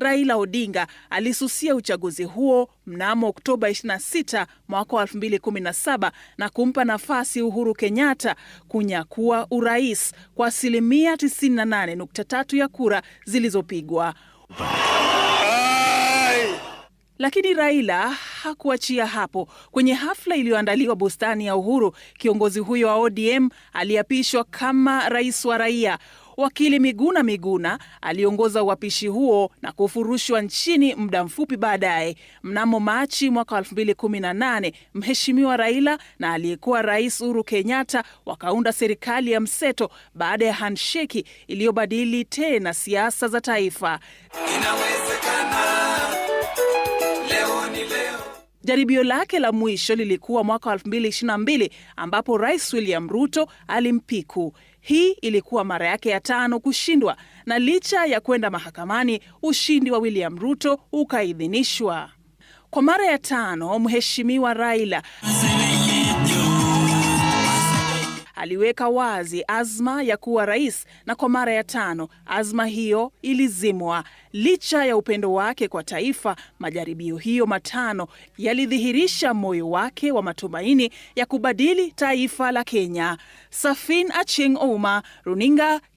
Raila Odinga alisusia uchaguzi huo mnamo Oktoba 26 mwaka wa 2017 na kumpa nafasi Uhuru Kenyatta kunyakua urais kwa asilimia 98.3 ya kura zilizopigwa. Lakini Raila hakuachia hapo. Kwenye hafla iliyoandaliwa bustani ya Uhuru, kiongozi huyo wa ODM aliapishwa kama rais wa raia. Wakili Miguna Miguna aliongoza uapishi huo na kufurushwa nchini muda mfupi baadaye. Mnamo Machi mwaka 2018 Mheshimiwa Raila na aliyekuwa Rais Uhuru Kenyatta wakaunda serikali ya mseto baada ya hansheki iliyobadili tena siasa za taifa. Inawezekana. Jaribio lake la mwisho lilikuwa mwaka 2022 ambapo Rais William Ruto alimpiku. Hii ilikuwa mara yake ya tano kushindwa, na licha ya kwenda mahakamani, ushindi wa William Ruto ukaidhinishwa kwa mara ya tano. Mheshimiwa Raila aliweka wazi azma ya kuwa rais, na kwa mara ya tano azma hiyo ilizimwa. Licha ya upendo wake kwa taifa, majaribio hiyo matano yalidhihirisha moyo wake wa matumaini ya kubadili taifa la Kenya. Safin Aching Ouma, Runinga